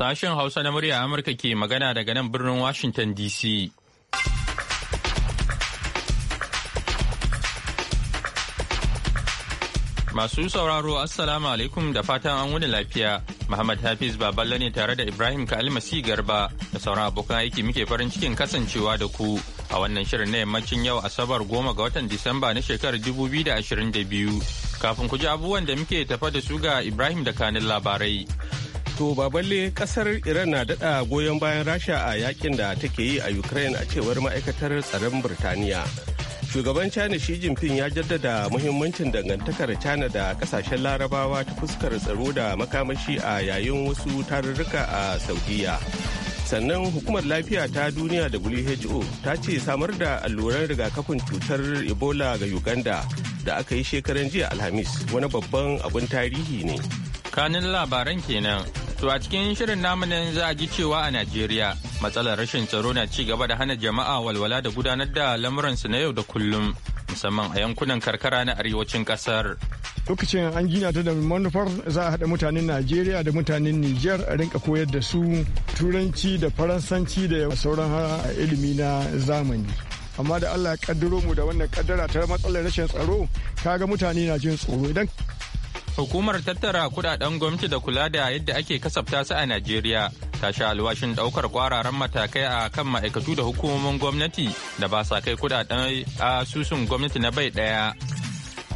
Sashen Hausa na murya Amurka ke magana daga nan birnin Washington DC. Masu sauraro Assalamu alaikum da fatan an wuni lafiya. Muhammad Hafiz Baballe ne tare da Ibrahim Kalmasi Garba da sauran abokan aiki muke farin cikin kasancewa da ku a wannan shirin na yammacin yau Asabar goma ga watan Disamba na shekarar 2022. Kafin ku ji abubuwan da muke tafa da su ga Ibrahim da kanin labarai. To baballe kasar Iran na dada goyon bayan Rasha a yakin da take yi a Ukraine a cewar ma'aikatar tsaron Birtaniya. Shugaban China shi Jinping ya jaddada muhimmancin dangantakar China da kasashen larabawa ta fuskar tsaro da makamashi a yayin wasu tarurruka a Saudiya. Sannan hukumar lafiya ta duniya da WHO ta ce samar da alluran rigakafin cutar Ebola ga Uganda da aka yi shekaran jiya Alhamis wani babban abin tarihi ne. Kanin labaran kenan To a cikin shirin namu nan za a ji cewa a Najeriya matsalar rashin tsaro na ci gaba da hana jama'a walwala da gudanar da lamuransu na yau da kullum musamman a yankunan karkara na arewacin kasar. Lokacin an gina ta da manufar za a haɗa mutanen Najeriya da mutanen Nijar a rinka koyar da su turanci da faransanci da sauran a ilimi na zamani. amma da Allah ya kaddaro mu da wannan kaddara ta matsalar rashin tsaro kaga mutane na jin tsoro idan Hukumar tattara kudaden gwamnati da kula da yadda ake kasafta su a Najeriya ta sha alwashin daukar kwararan matakai a kan ma'aikatu da hukumomin gwamnati da ba sa kai kudaden asusun gwamnati na bai daya.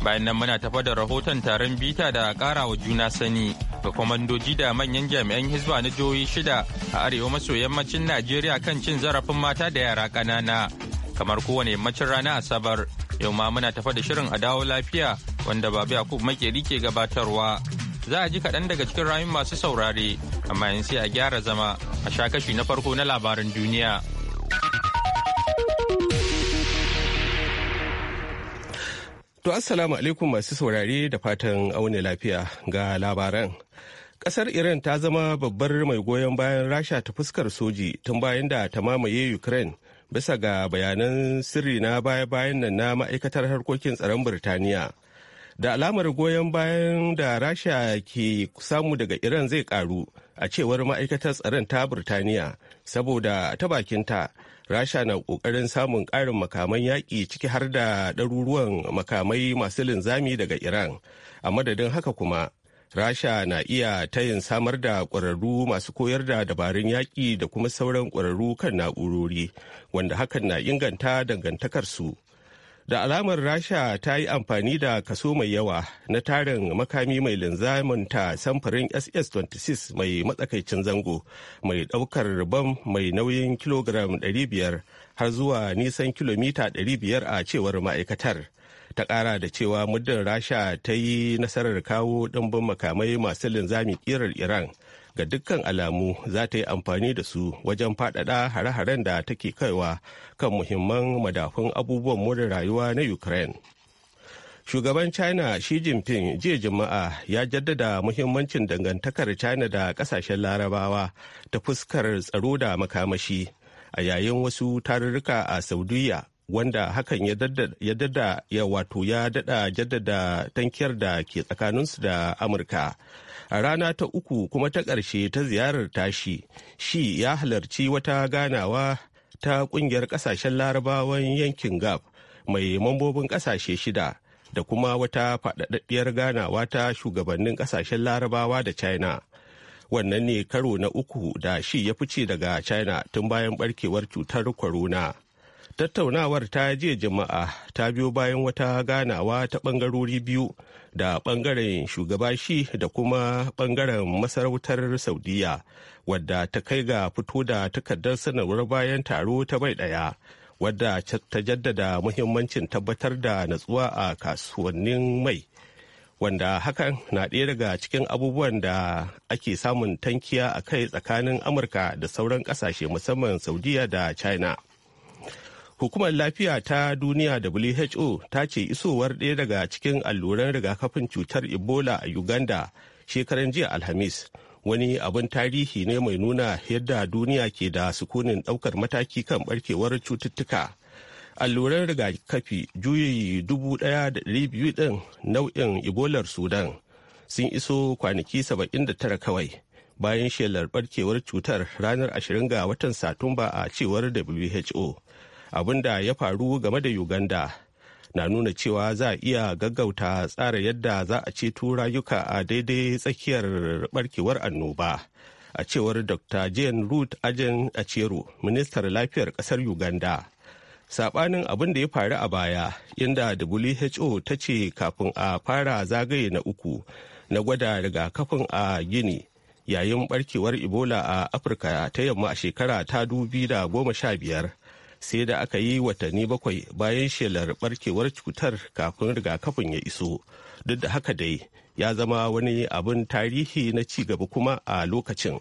Bayan nan muna tafa da rahoton taron bita da wa juna sani ga kwamandoji da manyan jami'an hizba na jihohi shida a arewa maso yammacin Najeriya kan cin zarafin mata da yara ƙanana. Kamar kowane yammacin rana Asabar, yau ma muna tafa da shirin a dawo lafiya wanda babu yakub makeri ke gabatarwa za a ji kaɗan daga cikin rayun masu saurare amma yanzu sai a gyara zama a sha kashi na farko na labaran duniya To assalamu alaikum masu saurare da fatan auna lafiya ga labaran. Kasar Iran ta zama babbar mai goyon bayan Rasha ta fuskar soji tun bayan da ta mamaye Ukraine bisa ga bayanan sirri na baya-bayan nan na ma'aikatar harkokin tsaron Birtaniya. da alamar goyon bayan da rasha ke samu daga iran zai karu a cewar ma'aikatar tsaron ta burtaniya saboda ta bakinta rasha na kokarin samun karin makaman yaƙi ciki har da ɗaruruwan makamai masu linzami daga iran a madadin haka kuma rasha na iya tayin samar da ƙwararru masu koyar da dabarun yaƙi da kuma sauran ƙwararru kan na'urori wanda hakan na inganta dangantakarsu da alamar rasha ta yi amfani da kaso mai yawa na tarin makami mai linzamin ta samfurin ss-26 mai matsakaicin zango mai daukar bam mai nauyin kilogram 500 har zuwa nisan kilomita 500 a cewar ma'aikatar ta kara da cewa muddin rasha ta yi nasarar kawo ɗimbin makamai masu linzami kirar iran ga dukkan alamu za ta yi amfani da su wajen faɗaɗa hare-haren da take kaiwa kan muhimman madafun abubuwan more rayuwa na ukraine shugaban china shi jinping jiya juma'a ya jaddada muhimmancin dangantakar china da kasashen larabawa ta fuskar tsaro da makamashi a yayin wasu tarurruka a saudiya wanda hakan ya dada ya wato ya dada jaddada tankiyar da ke tsakaninsu da amurka a rana ta uku kuma ta ƙarshe ta ziyarar tashi shi ya halarci wata ganawa ta ƙungiyar ƙasashen larabawan yankin gab mai mambobin ƙasashe shida da kuma wata faɗaɗɗiyar ganawa ta shugabannin ƙasashen larabawa da china wannan ne karo na uku da shi ya fice daga china tun bayan barkewar cutar corona. tattaunawar ta jiya jama'a ta biyo bayan wata ganawa ta bangarori biyu da bangaren shugaba shi da kuma bangaren masarautar saudiya wadda ta kai ga fito da takardar sanarwar bayan taro ta bai daya wadda ta jaddada muhimmancin tabbatar da natsuwa a kasuwannin mai wanda hakan na ɗaya daga cikin abubuwan da ake samun tankiya a kai tsakanin amurka da sauran ƙasashe musamman saudiya da china hukumar lafiya ta duniya who ta ce isowar ɗaya daga cikin alluran rigakafin cutar ebola a uganda shekaran jiya alhamis wani abin tarihi ne mai nuna yadda duniya ke da sukunin ɗaukar mataki kan ɓarkewar cututtuka alluran rigakafi juyi biyu ɗin nau'in ebolar sudan sun iso kwanaki saba'in da tara kawai bayan shelar ɓarkewar cutar ranar ashirin ga watan satumba a cewar who abin da ya faru game da uganda na nuna cewa za a iya gaggauta tsara yadda za a ceto rayuka a daidai tsakiyar barkewar annoba a cewar dr jane root ajen acero ministar lafiyar kasar uganda sabanin abin da ya faru a baya inda who ta ce kafin a fara zagaye na uku na gwada rigakafin a gini yayin barkewar ebola a afirka ta yamma a shekara ta dubi da goma sha biyar sai da aka yi watanni bakwai bayan shelar barkewar cutar kafin rigakafin ya iso duk da haka dai ya zama wani abin tarihi na ci gaba kuma a lokacin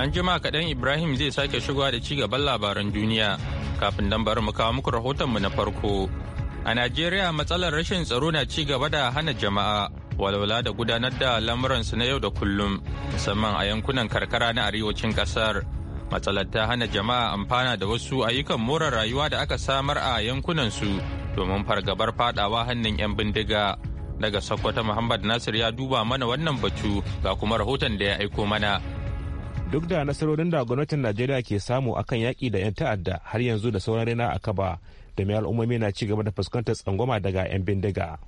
an jima kaɗan ibrahim zai sake shigowa da ci gaban labaran duniya kafin dan bari mu kawo muku rahotonmu na farko a najeriya matsalar rashin tsaro na ci gaba da hana jama'a walwala da gudanar da lamuransu na yau da kullum musamman a yankunan karkara na arewacin kasar matsalar ta hana jama'a amfana da wasu ayyukan more rayuwa da aka samar a yankunansu domin fargabar fadawa hannun 'yan bindiga daga sokoto muhammad nasir ya duba mana wannan batu ga kuma rahoton da ya aiko mana duk da nasarorin da gwamnatin najeriya ke samu akan yaƙi da 'yan ta'adda har yanzu da sauran rena a kaba da mai al'ummomi na ci gaba da fuskantar tsangwama daga 'yan bindiga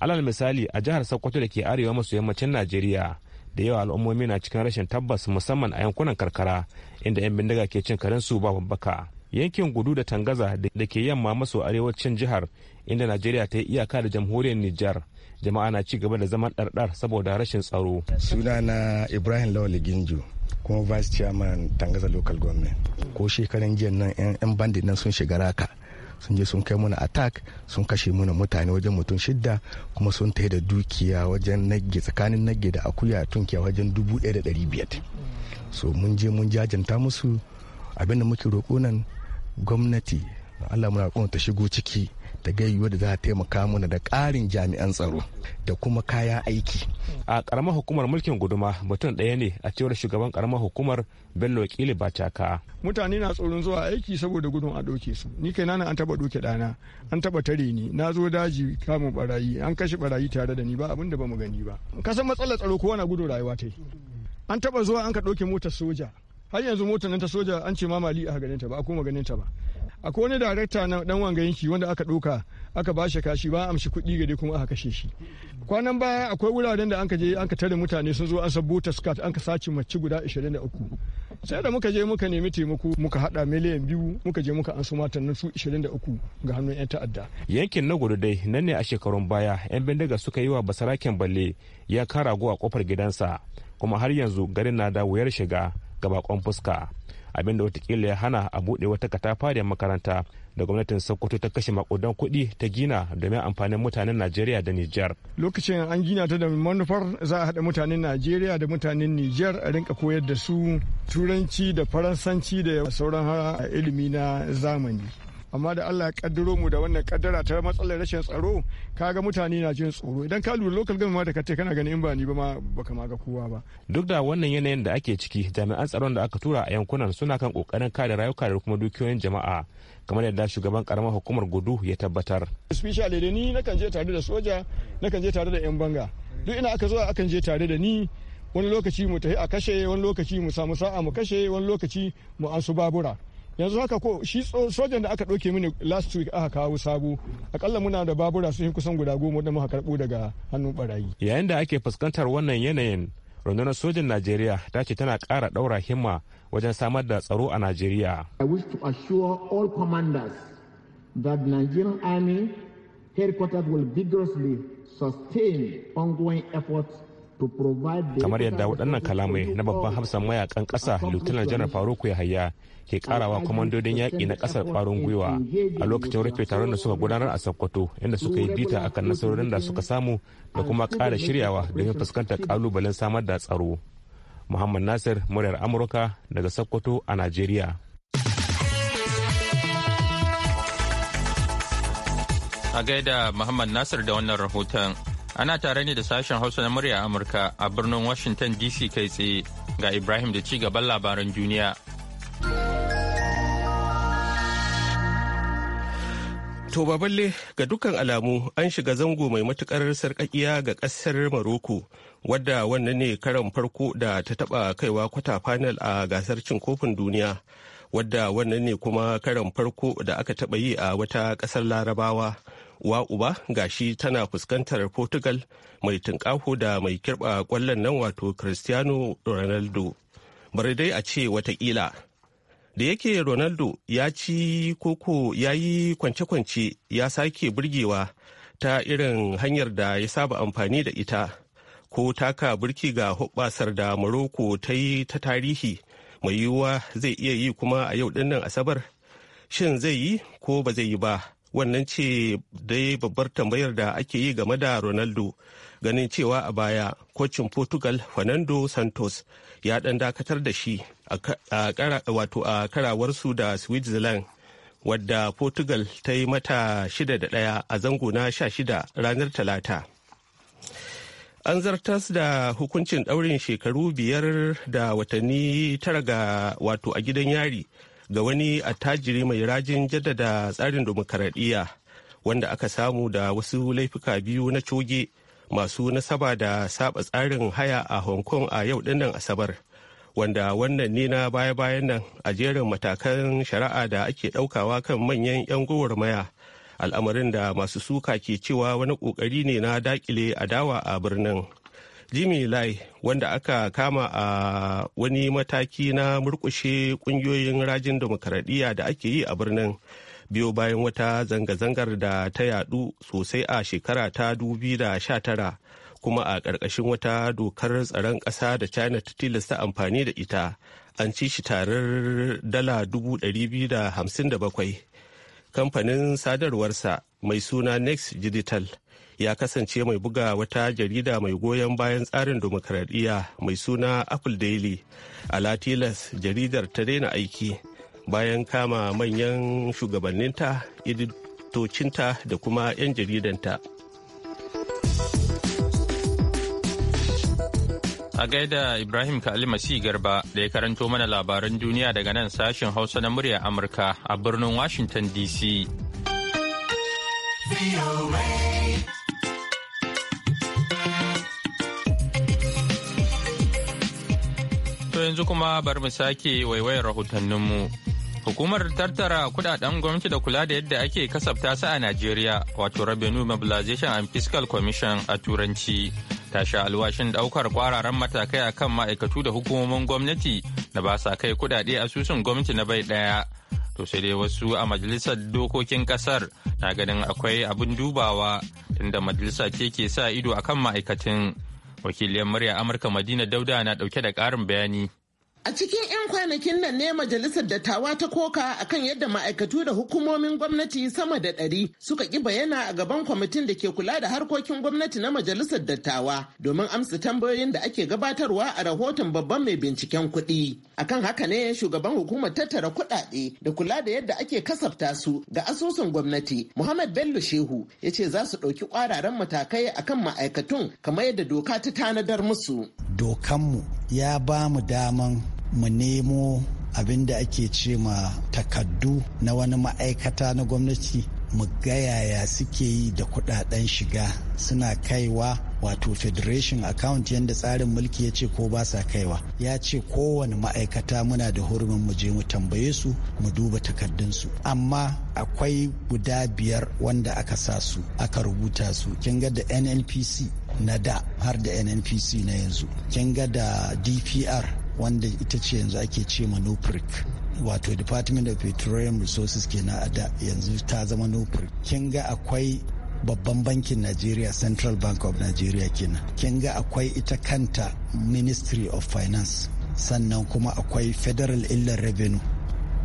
alal misali a jihar sokoto da ke arewa maso yammacin najeriya da yawa al'ummomi na cikin rashin tabbas musamman a yankunan karkara inda 'yan bindiga ke cin karensu ba babbaka yankin gudu da tangaza da ke yamma maso arewacin jihar inda najeriya ta yi iyaka da jamhuriyar nijar jama'a na ci gaba da zaman ɗarɗar saboda rashin tsaro sunana ibrahim lawal ginjo kuma vice chairman tangaza local government ko shekaran jiya nan 'yan bandit nan sun shiga raka sun je sun kai mana attack sun kashe mana mutane wajen mutum shidda kuma sun ta da dukiya wajen nage tsakanin nage da akuya tunkiya wajen dubu ɗaya da ɗari biyar so mun je mun jajanta musu abinda muke roƙo nan gwamnati allah muna ta shigo ciki ta ga da za ta taimaka mana da ƙarin jami'an tsaro da kuma kaya aiki. A ƙaramar hukumar mulkin guduma mutum ɗaya ne a cewar shugaban ƙaramar hukumar Bello Kili Bacaka. Mutane na tsoron zuwa aiki saboda gudun a ɗauke su. Ni kai nan an taɓa ɗauke ɗana, an taɓa tare ni, na zo daji kamun barayi, an kashe barayi tare da ni ba abin da ba mu gani ba. Kasan matsalar tsaro kowa na gudun rayuwa ta yi. An taɓa zuwa an ka ɗauke motar soja. har yanzu motar nan ta soja an ce ma mali a ganin ta ba a kuma ganin ta ba akwai wani darakta na dan wanga yanki wanda aka doka aka ba shi kashi ba amshi kuɗi gari kuma aka kashe shi kwanan baya akwai wuraren da anka je anka tare mutane sun zo an bota skirt anka sace mace guda 23 sai da muka je muka nemi taimako muka hada miliyan biyu muka je muka ansu matan nan su 23 ga hannun yan ta'adda yankin na gudu dai nan ne a shekarun baya yan bindiga suka yi wa basaraken balle ya kara go a kofar gidansa kuma har yanzu garin na da wuyar shiga ga bakon fuska abinda watakila ya hana a buɗe wata katafare makaranta da gwamnatin sokoto ta kashe makudan kuɗi ta gina domin amfanin mutanen najeriya da nijar lokacin an gina ta da manufar za a haɗa mutanen najeriya da mutanen nijar a rinka koyar da su turanci da faransanci da sauran ilimi na zamani amma da Allah ya kaddaro mu da wannan kaddara ta matsalar rashin tsaro kaga mutane na jin tsoro idan ka lura local government da kace kana ganin in ba ni ba ma baka ma ga kowa ba duk da wannan yanayin da ake ciki jami'an tsaron da aka tura a yankunan suna kan kokarin kare rayuka da kuma dukiyoyin jama'a kamar yadda shugaban karamar hukumar gudu ya tabbatar especially da ni nakan je tare da soja nakan je tare da yan banga duk ina aka zo akan je tare da ni wani lokaci mu tafi a kashe wani lokaci mu samu sa'a mu kashe wani lokaci mu an su babura yanzu haka ko shi sojan da aka ɗauke mini last week aka kawo sabo akalla muna da babura sun kusan guda goma da muka karɓo daga hannun barayi yayin da ake fuskantar wannan yanayin rundunar sojan najeriya ta ce tana kara ɗaura himma wajen samar da tsaro a najeriya i wish to assure all commanders that nigerian army headquarters will vigorously sustain ongoing efforts kamar yadda waɗannan kalamai na babban hafsan mayakan ƙasa lieutenant janar faruk yahaya ke karawa kwamandodin yaƙi na ƙasar ƙwarin gwiwa a lokacin rufe taron da suka gudanar a sokoto inda suka yi bita akan nasarorin da suka samu da kuma ƙara shiryawa domin fuskantar ƙalubalen samar da tsaro muhammad nasir muryar amurka daga sokoto a najeriya a gaida muhammad nasir da wannan rahoton Ana tare ne da sashen Hausa na murya Amurka a birnin Washington DC kai tsaye ga Ibrahim da ci gaban labaran duniya. To baballe ga dukkan alamu an shiga zango mai matukar sarkakiya ga kasar Maroko wadda wannan ne karan farko da ta taba kaiwa kwata final a gasar cin kofin duniya wadda wannan ne kuma karan farko da aka taba yi a wata kasar larabawa Wa uba gashi tana fuskantar portugal mai tunƙaho da mai kirɓa ƙwallon nan wato cristiano ronaldo bari dai a ce watakila da yake ronaldo ya ci koko ya yi kwance-kwance ya sake burgewa ta irin hanyar da ya saba amfani da ita ko taka burki ga hubbasar da morocco ta yi ta tarihi mai yiwuwa zai iya yi kuma a yau dinnan asabar shin zai yi ko ba zai yi ba wannan ce dai babbar tambayar da ake yi game da ronaldo ganin cewa a baya kocin portugal fernando santos ya dan dakatar da shi wato a karawarsu da switzerland wadda portugal ta yi mata shida da ɗaya a zango na shida ranar talata an zartas da hukuncin daurin shekaru biyar da watanni tara ga wato a gidan yari ga wani attajiri mai rajin jaddada tsarin dimokuraɗiyya wanda aka samu da wasu laifuka biyu na coge masu nasaba da saba tsarin haya a hong kong a yau dinnan asabar wanda wannan ne na baya-bayan nan a jerin matakan shari'a da ake ɗaukawa kan manyan 'yan gwagwarmaya al'amarin da masu suka ke cewa wani ƙoƙari ne na dakile adawa a birnin. jimmy lai wanda aka kama a wani mataki na murkushe kungiyoyin rajin demokaradiyya da ake yi a birnin biyo bayan wata zanga-zangar da ta yadu sosai a shekara ta 2019 kuma a ƙarƙashin wata dokar tsaron ƙasa da china ta tilasta amfani da ita an ci shi tarar dala 257 kamfanin sadarwarsa mai suna next digital ya kasance mai buga wata jarida mai goyon bayan tsarin demokaradiyya mai suna apple daily a latilas jaridar ta daina aiki bayan kama manyan shugabanninta editocinta da kuma 'yan jaridanta a gaida ibrahim kalimasi garba da ya karanto mana labaran duniya daga nan sashen hausa na murya amurka a birnin washington dc To yanzu kuma bari mu sake waiwayar rahotanninmu. Hukumar tattara kudaden gwamnati da kula da yadda ake kasafta su a Najeriya, wato Revenue Mobilization and Fiscal Commission a Turanci, ta sha alwashin daukar kwararan matakai a kan ma'aikatu da hukumomin gwamnati da ba sa kai kudade asusun gwamnati na bai daya. To sai dai wasu a majalisar dokokin kasar na ganin akwai abin dubawa inda majalisa ce ke sa ido akan ma'aikatan. wakiliyar murya amurka madina dauda na ɗauke da ƙarin bayani A cikin 'yan kwanakin nan ne majalisar dattawa ta koka akan yadda ma'aikatu da hukumomin gwamnati sama da ɗari suka ƙi bayyana a gaban kwamitin da ke kula da harkokin gwamnati na majalisar dattawa domin amsa tambayoyin da ake gabatarwa a rahoton babban mai binciken kuɗi. Akan haka ne shugaban hukumar tattara kuɗaɗe da kula da yadda ake kasafta su ga asusun gwamnati Muhammad Bello Shehu ya ce za su ɗauki ƙwararren matakai akan ma'aikatun kamar yadda doka ta tanadar musu. Dokanmu ya ba mu daman mu nemo abin da ake ce ma takaddu na wani ma'aikata na gwamnati mu gayaya suke yi da kudaden shiga suna kaiwa wato federation account yadda tsarin mulki ya ce ko ba sa kaiwa ya ce kowane ma'aikata muna da hurumin mu je mu tambaye su mu duba takardunsu amma akwai guda biyar wanda aka sa su aka rubuta su kin ga da nnpc na da har da nnpc na yanzu kin ga da dpr wanda ita ce yanzu ake ce ma nupric wato department of petroleum resources kenan a da yanzu ta zama nupric kin ga akwai babban bankin Najeriya Central Bank of Nigeria kenan. Kin ga akwai ita kanta Ministry of Finance sannan kuma akwai Federal illar Revenue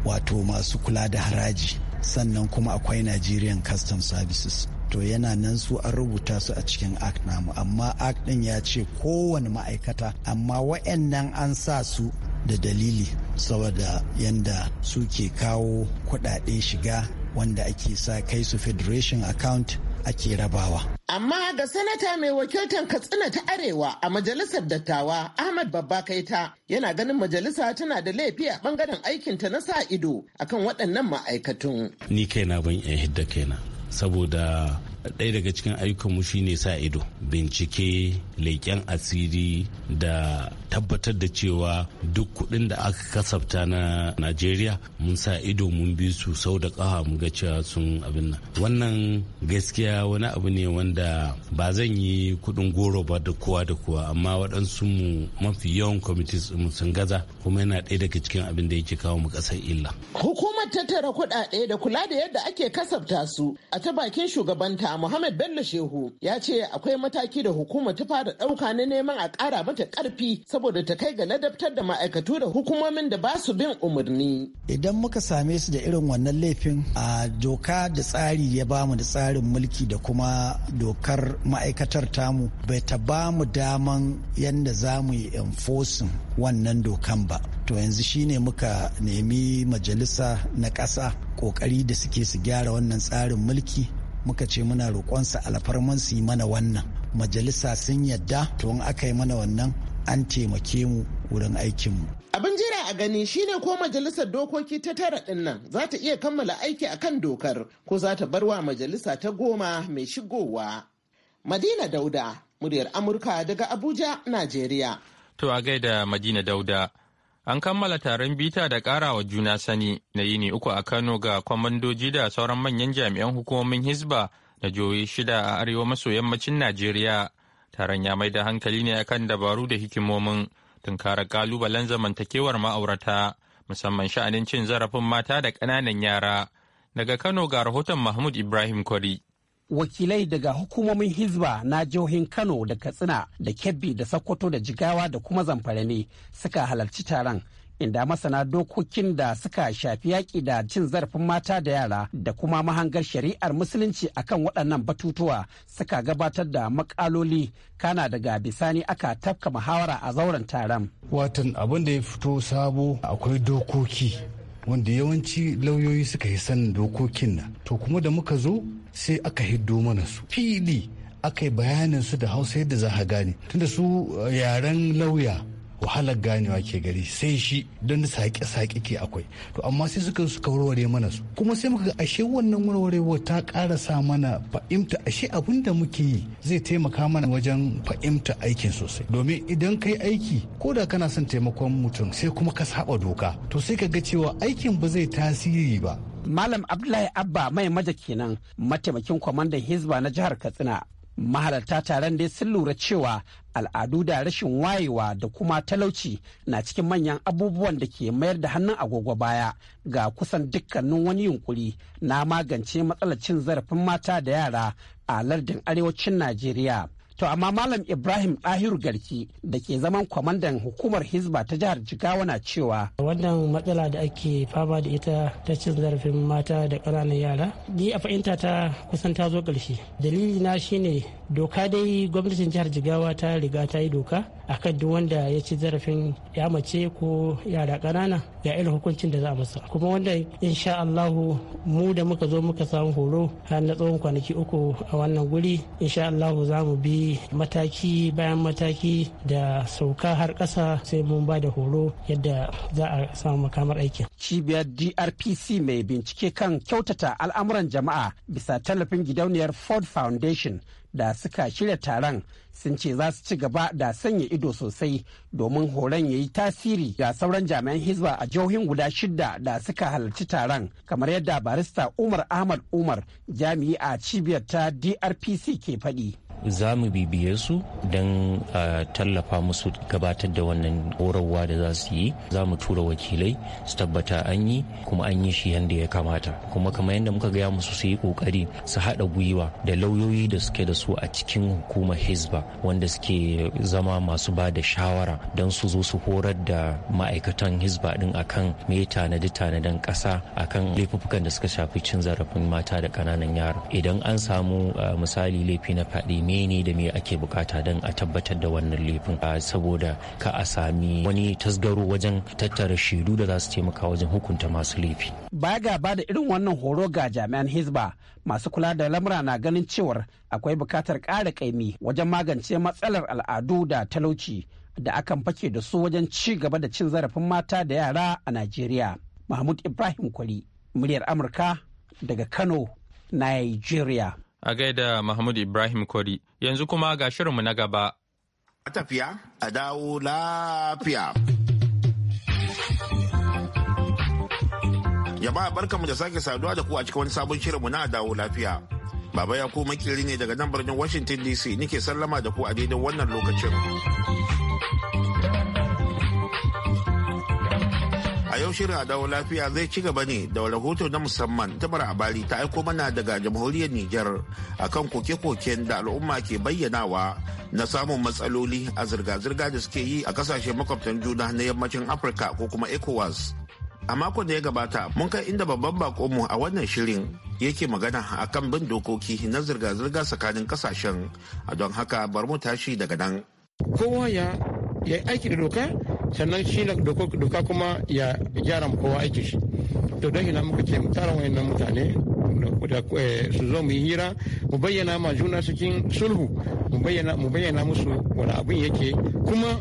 wato masu kula da haraji sannan kuma akwai Nigerian Customs Services. to yana nan su an rubuta su a cikin act namu amma act din ya ce kowane ma'aikata amma wa'annan an sa su da dalili saboda yanda suke kawo kuɗaɗe shiga wanda ake sa kai su federation account ake rabawa. Amma ga sanata mai wakiltar Katsina ta Arewa a majalisar dattawa Ahmad Babba Kaita yana ganin majalisa tana da laifi a bangaren aikinta na sa ido akan waɗannan ma'aikatun. Ni kaina ban iya hidda kaina saboda ɗaya daga cikin ayyukanmu shine sa ido bincike leƙen asiri da tabbatar da cewa duk kuɗin da aka kasafta na najeriya mun sa ido mun bi su sau da ƙaha mun ga cewa sun abin nan wannan gaskiya wani abu ne wanda ba zan yi kuɗin goro ba da kowa da kowa amma waɗansu mu mafi yawan kwamitis mu sun gaza kuma yana ɗaya daga cikin abin da yake kawo mu ƙasar illa hukumar tattara kuɗaɗe da kula da yadda ake kasafta su a ta bakin shugabanta Dr. Muhammad Bello Shehu ya ce akwai mataki da hukuma ta fara ɗauka na neman a ƙara mata ƙarfi saboda ta kai ga ladabtar da ma'aikatu da hukumomin da ba su bin umarni. Idan muka same su da irin wannan laifin a doka da tsari ya bamu da tsarin mulki da kuma dokar ma'aikatar tamu bai ta bamu daman yadda za mu yi enforcing wannan dokan ba. To yanzu shine muka nemi majalisa na ƙasa ƙoƙari da suke su gyara wannan tsarin mulki muka ce muna roƙonsa alfarman su yi mana wannan majalisa sun yadda to in aka yi mana wannan an taimake mu wurin aikinmu. Abin jira a gani shine ko majalisar dokoki ta tara ɗin nan za ta iya kammala aiki a kan dokar ko za ta bar wa majalisa ta goma mai shigowa. Madina Dauda, muryar Amurka daga Abuja, Najeriya. To a gaida Madina Dauda, An kammala taron bita da karawa juna sani na yini uku a Kano ga kwamandoji da sauran manyan jami'an hukumomin Hisba da jihohi shida a arewa maso yammacin Najeriya. Taron ya mai da hankali ne akan dabaru da hikimomin tunkarar kalubalen zamantakewar ma'aurata musamman sha'anin cin zarafin mata da ƙananan yara. Daga Kano ga rahoton Mahmud Ibrahim Kwari. wakilai daga hukumomin hizba na jihohin kano da katsina da kebbi da sokoto da jigawa da kuma zamfara ne suka halarci taron inda masana dokokin da suka shafi yaƙi da cin zarafin mata da yara da kuma mahangar shari'ar musulunci akan waɗannan batutuwa suka gabatar da makaloli kana daga bisani aka tafka muhawara a zauren taron. watan abin da ya fito sabo akwai dokoki wanda yawanci lauyoyi suka yi sanin dokokin nan to kuma da muka zo sai aka hiddo mana su fili aka yi bayanin su da hausa yadda za a gane tunda su uh, yaren lauya wahalar ganewa ke gari sai shi don saƙe-saƙe ke akwai to amma sai suka suka warware mana su kuma sai muka ga ashe wannan warwarewa ta karasa mana fahimta ashe abin da muke yi zai taimaka mana wajen fahimta aikin sosai domin idan kai aiki ko da kana son taimakon mutum sai kuma ka saba doka to sai ka ga cewa aikin ba zai tasiri ba Malam Abdullahi Abba mai maja kenan mataimakin kwamandan Hizba na jihar Katsina. Mahalarta taron dai sun lura cewa al'adu da rashin wayewa da kuma talauci na cikin manyan abubuwan da ke mayar da hannun agogo baya ga kusan dukkanin wani yunkuri na magance matsalar cin zarafin mata da yara a lardin arewacin Najeriya. To amma Malam Ibrahim Ɗahiru Garki da ke zaman kwamandan hukumar Hizba ta jihar Jigawa na cewa. Wannan matsala da ake fama da ita ta cin zarafin mata da ƙananan yara. Ni a fahimta ta kusan ta zo ƙarshe. Dalili na shine doka dai gwamnatin jihar Jigawa ta riga ta yi doka akan duk wanda ya ci zarafin ya mace ko yara ƙanana ga irin hukuncin da za a masa kuma wanda insha Allahu mu da muka zo muka samu horo har na tsawon kwanaki uku a wannan guri insha Allahu za mu bi mataki bayan mataki da sauka har ƙasa sai mun ba da horo yadda za a samu makamar aikin cibiyar DRPC mai bincike kan kyautata al'amuran jama'a bisa tallafin gidauniyar Ford Foundation da suka shirya taron sun ce za su ci gaba da sanya ido sosai domin horon ya yi tasiri ga sauran jami'an hizba a jihohin guda shidda da suka halarci taron kamar yadda barista umar ahmad umar jami'i a cibiyar ta drpc ke faɗi. za mu bibiye su don a tallafa musu gabatar da wannan horarwa da za su yi za mu tura wakilai su tabbata an yi kuma an yi shi yadda ya kamata kuma kamar yadda muka gaya musu su yi kokari su haɗa gwiwa da lauyoyi da suke da su a cikin hukumar hizba wanda suke zama masu ba da shawara don su zo su horar da ma'aikatan hizba din akan me tanadi tanadan ƙasa akan laifukan da suka shafi cin zarafin mata da ƙananan yara idan an samu misali laifi na faɗi menene da me ake bukata don a tabbatar da wannan laifin saboda ka a sami wani tasgaro wajen tattara shaidu da za su taimaka wajen hukunta masu laifi baya ga ba da irin wannan horo ga jami'an hizba masu kula da lamura na ganin cewar akwai bukatar ƙara kaimi wajen magance matsalar al'adu da talauci da akan fake da su wajen ci gaba da cin zarafin mata da yara a Najeriya. Mahmud Ibrahim Kwari, muryar Amurka daga Kano, Nigeria. A gaida Mahmud Ibrahim kori yanzu kuma ga shirinmu na gaba. A tafiya, a dawo lafiya. a barkanmu da sake saduwa da ku a cikin wani sabon shirinmu na dawo lafiya. Baba ya ku makiri ne daga nan birnin Washington DC nike sallama da ku a daidai wannan lokacin. yau shirin a dawo lafiya zai ci gaba ne da rahoto na musamman ta barabari ta aiko mana daga jamhuriyar Nijar akan koke-koken da al'umma ke bayyanawa na samun matsaloli a zirga-zirga da suke yi a kasashen makwabtan juna na yammacin Afirka ko kuma ECOWAS. A makon da ya gabata mun kai inda babban bakonmu a wannan shirin yake magana akan bin dokoki na zirga-zirga tsakanin kasashen a don haka bar mu tashi daga nan. Kowa ya yi aiki da doka sannan shi doka kuma ya gyara kowa aiki shi to don ina muka ce mu tara wayannan mutane eh, su zo mu yi hira mu bayyana ma juna cikin sulhu mu bayyana musu wani abin yake kuma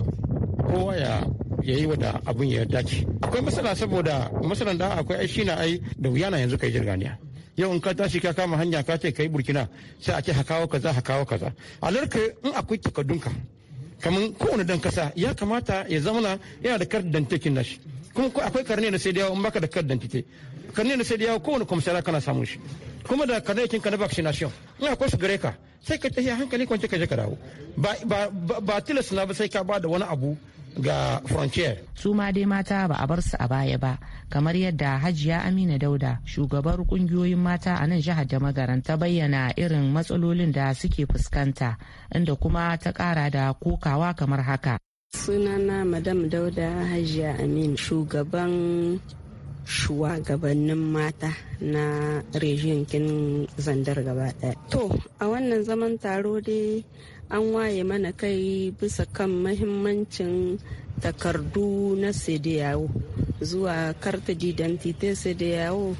kowa ya ya yi wada abin ya dace akwai matsala saboda matsalan da akwai ai shi na ai da wuya na yanzu kai jirganiya yau in ka tashi ka kama hanya ka ce kai burkina sai a ce hakawa kaza hakawa kaza alarka in akwai takardunka kamar kowane dan kasa ya kamata ya zamana yana da kar dantakin nashi kuma akwai karne da sai da yawa in baka da kar dantike karne da sai da yawa kowane kwamishara kana samun shi kuma da karne kana na vaccination in akwai su gare ka sai ka tafiya hankali kwance ka je ka dawo ba ba tilas na ba sai ka ba da wani abu ga frontier su ma dai mata ba a bar su a baya ba kamar yadda hajiya amina dauda shugabar kungiyoyin mata a nan jihar da ta bayyana irin matsalolin da suke fuskanta inda kuma ta kara da kokawa kamar haka sunana madam dauda hajiya amin shugaban shugabannin mata na rejiyar kin zandar gaba daya to a wannan zaman taro dai an waye mana kai bisa kan mahimmancin takardu na cdao zuwa karta didantite cdao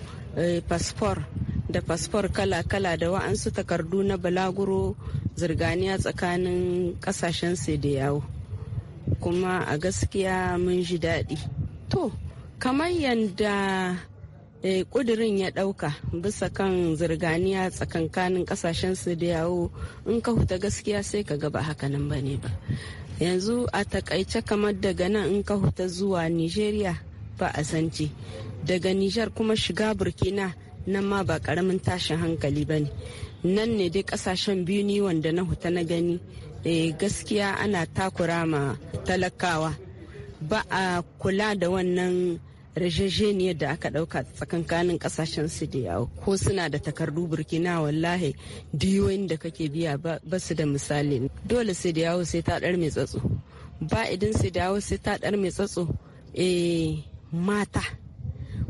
fasfor eh, da fasfor kala-kala da wa'ansu takardu na balaguro zirganiya tsakanin kasashen cdao kuma a gaskiya mun ji daɗi to kamar yadda eh kudirin ya dauka bisa kan zirganiya tsakankanin kasashen su da yawo in ka huta gaskiya sai ka gaba hakanan ba ne ba yanzu a takaice kamar daga nan in ka huta zuwa nigeria ba a sanci daga Nijar kuma shiga burkina nan ma ba karamin tashin hankali ba ne nan ne dai kasashen biyu ni wanda na huta na gani eh, gaskiya ana takura ma talakawa ba a kula da wannan rajajeniyar da aka ɗauka tsakankanin ƙasashen su da yawo ko suna da takardu burkina wallahi diyoyin da kake biya ba su da misali dole su da yawo sai ta ɗar mai tsatso ba idan su da sai ta ɗar mai tsatso eh mata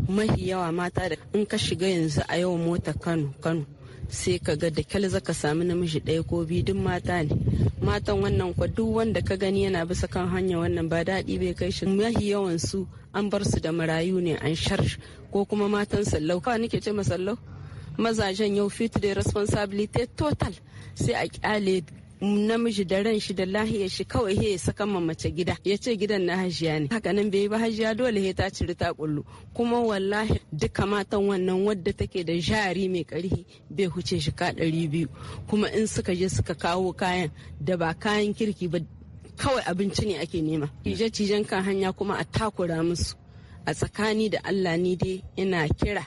mahi yawa mata da in ka shiga yanzu a yau mota kano kano sai ka ga da kyal zaka sami namiji ɗaya ko biyu duk mata ne matan wannan kwa wanda ka gani yana bisa kan hanya wannan ba daɗi bai kai shi mahi yawan su an bar su da marayu ne an shar ko kuma matan sallau kawai nake ce masallau mazajen yau fit da responsibility total sai a kyale namiji da ran shi da lahiyar shi kawai he ya saka ma mace gida ya ce gidan na hajiya ne haka nan bai ba hajiya dole he ta ciri ta kullu kuma wallahi duka matan wannan wadda take da jari mai karhi bai huce shi ka ɗari biyu kuma in suka je suka kawo kayan da ba kayan kirki ba kawai abinci ne ake nema cije-cijen kan hanya kuma a takura musu a tsakani da allah ni dai ina kira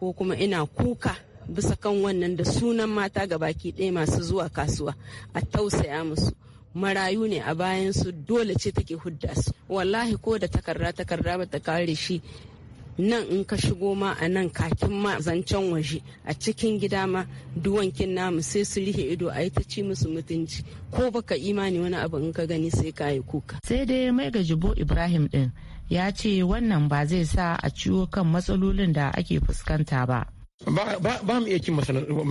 ko kuma ina kuka bisa kan wannan da sunan mata ga baki ɗaya masu zuwa kasuwa a tausaya musu marayu ne a bayan su dole ce take hudda su wallahi ko da takarda takarda ba ta kare shi nan in ka shigo ma a nan kakin ma zancen waje a cikin gida ma duwankin namu sai su rihe ido a yi ta ci musu mutunci ko baka imani wani abu in ka gani sai ka yi kuka sai dai mai gajibo ibrahim din ya ce wannan ba zai sa a ciwo kan matsalolin da ake fuskanta ba ba mu iya kin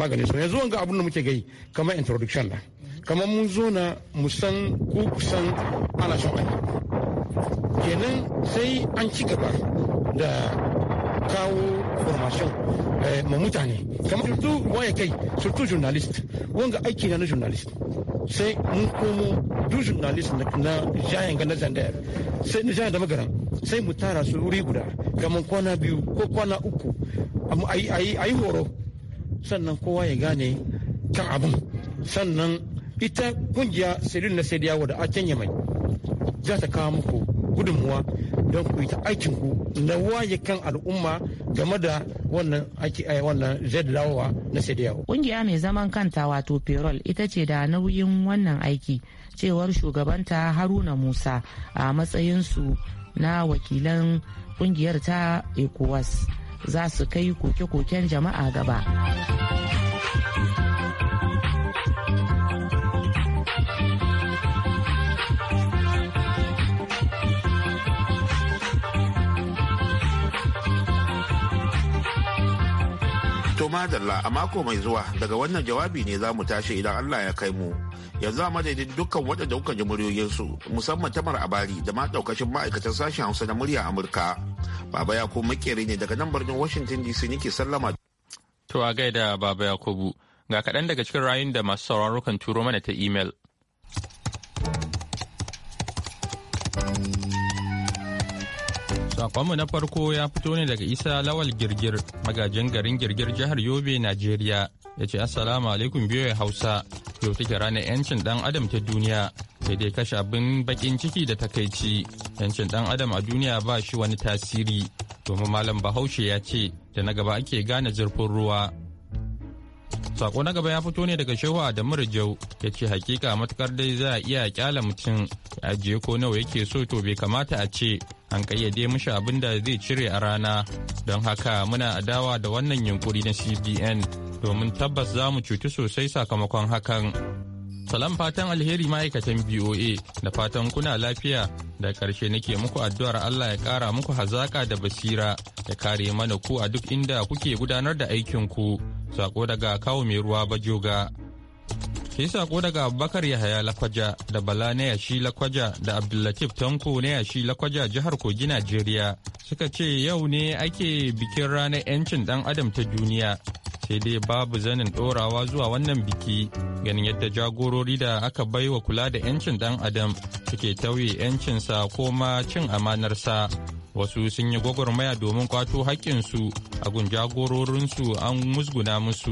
magani so yanzu wanga abun da muke gai kamar introduction da kamar mun zo na musan ko kusan ana son wani kenan sai an ci gaba da kawo information eh, ma mutane kamar surtu waye kai surtu journalist wanga aiki na journalist sai mun komo du journalist na jayan ga na zandayar sai na jayan da magaran sai mu tara su wuri guda kamar kwana biyu ko kwana uku a ayi horo sannan kowa ya gane kan abin sannan ita kungiya sirrin na sai da wadda a can mai za ta kawo muku gudunmuwa don ku yi ta aikin ku na waye kan al'umma game da wannan aiki a eh, wannan lawa na sediyawo. Kungiya mai zaman kanta wato Perol ita ce da nauyin wannan aiki cewar shugabanta Haruna Musa a matsayinsu na wakilan kungiyar ta ECOWAS za su kai koke-koken jama'a gaba. To madalla a mako mai zuwa daga wannan jawabi ne za mu tashi idan Allah ya kai mu. Yanzu a madadin dukkan waɗanda kuka ji muryoyinsu musamman tamar abari da ma ɗaukashin ma'aikatan sashen Hausa na murya Amurka. Baba Yakubu makere ne daga nan birnin Washington DC nake sallama. To a gaida Baba Yakubu ga kaɗan daga cikin rayun da masu sauran kan turo mana ta imel. Sakonmu na farko ya fito ne daga Isa Lawal Girgir, magajin garin Girgir jihar Yobe, Najeriya. Ya ce Assalamu alaikum biyoyi Hausa, yau take ranar 'yancin ɗan adam ta duniya. Sai dai kashe abin bakin ciki da takaici. 'Yancin ɗan adam a duniya ba shi wani tasiri. Domin Malam Bahaushe ya ce, da na gaba ake gane zurfin ruwa. Sako na gaba ya fito ne daga Shehu Adamu Jau ya ce hakika matukar dai za a iya kyala mutum ya ajiye ko nawa yake so to bai kamata a ce an kayyade mishi abin da zai cire a rana don haka muna adawa da wannan yunkuri na CBN domin tabbas za mu cuti sosai sakamakon hakan. Salam fatan alheri ma'aikatan BOA da fatan kuna lafiya da ƙarshe nake muku addu'ar Allah ya ƙara muku hazaƙa da basira ya kare mana ku a duk inda kuke gudanar da aikin ku. Sako daga kawo mai ruwa bajoga. Ke sako daga Abubakar Yahaya Lakwaja da Bala na yashi Lakwaja da Abdullatif Tanko na yashi Lakwaja jihar Kogi Najeriya suka ce yau ne ake bikin ranar 'yancin ɗan adam ta duniya sai dai babu zanin ɗorawa zuwa wannan biki ganin yadda jagorori da aka bai wa kula da 'yancin ɗan adam suke tauye 'yancinsa ko ma cin amanarsa wasu sun yi gwagwarmaya domin kwato haƙƙinsu a gun jagororinsu an musguna musu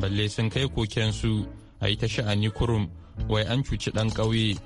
balle sun kai kokensu a yi ta sha'ani kurum wai an cuci ɗan ƙauye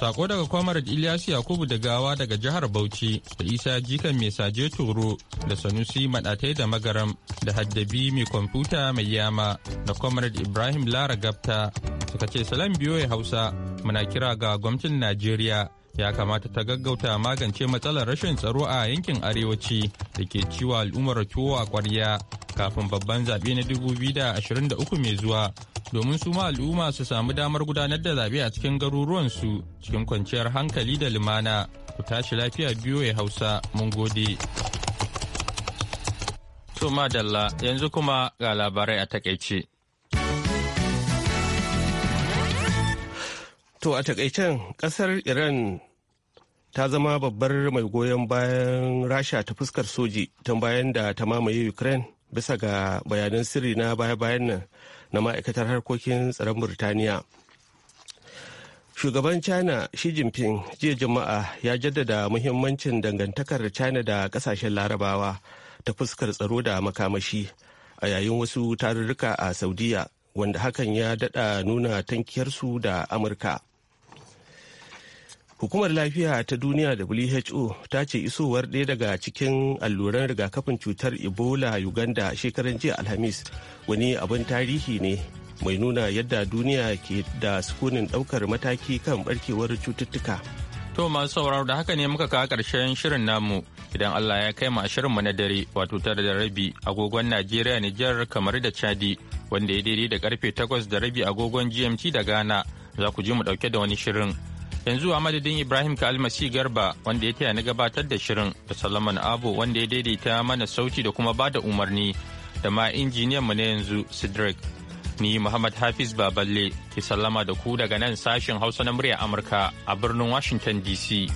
Sako daga kwamar Ilyas Yakubu da gawa daga jihar Bauchi da Isa Jikan mai saje toro da Sanusi Madatai da Magaram da Haddabi mai kwamfuta mai yama da Kwamar Ibrahim Lara Gapta suka ce salam biyo ya Hausa muna kira ga gwamnatin Najeriya ya kamata ta gaggauta magance matsalar rashin tsaro a yankin arewaci da ke ciwa al'ummar tuwo a kwarya kafin babban zaɓe na 2023 mai zuwa domin su ma al'umma su samu damar gudanar da zaɓe a cikin garuruwansu cikin kwanciyar hankali da lumana ku tashi lafiya biyo ya hausa mun gode. To yanzu kuma ga labarai a takaice. To a takaicen kasar Iran ta zama babbar mai goyon bayan rasha ta fuskar soji tun bayan da ta mamaye ukraine bisa ga bayanan sirri na baya-bayan nan na ma'aikatar harkokin tsaron burtaniya shugaban china shi jinping jiya juma'a ya jaddada muhimmancin dangantakar china da kasashen larabawa ta fuskar tsaro da makamashi a yayin wasu tarurruka a saudiya wanda hakan ya dada nuna tankiyarsu da amurka Hukumar Lafiya ta Duniya WHO ta ce isowar ɗaya daga cikin alluran rigakafin cutar Ebola Uganda shekaran jiya Alhamis wani abin tarihi ne mai nuna yadda duniya ke da sukunin ɗaukar mataki kan barkewar cututtuka. To masu sauraro da haka ne muka kawo ƙarshen shirin namu idan Allah ya kai mu mu na dare wato tare da rabi agogon Najeriya Nijar kamar da Chadi wanda ya daidai da karfe takwas da rabi agogon GMT da Ghana za ku ji mu ɗauke da wani shirin. yanzu a madadin ibrahim kalmasi garba wanda ya taya na gabatar da shirin da salaman abu wanda ya daidaita mana sauti da kuma bada umarni da ma injiniyan mu na yanzu sidrik ni muhammad hafiz baballe ke sallama da ku daga nan sashen hausa na murya amurka a birnin washington dc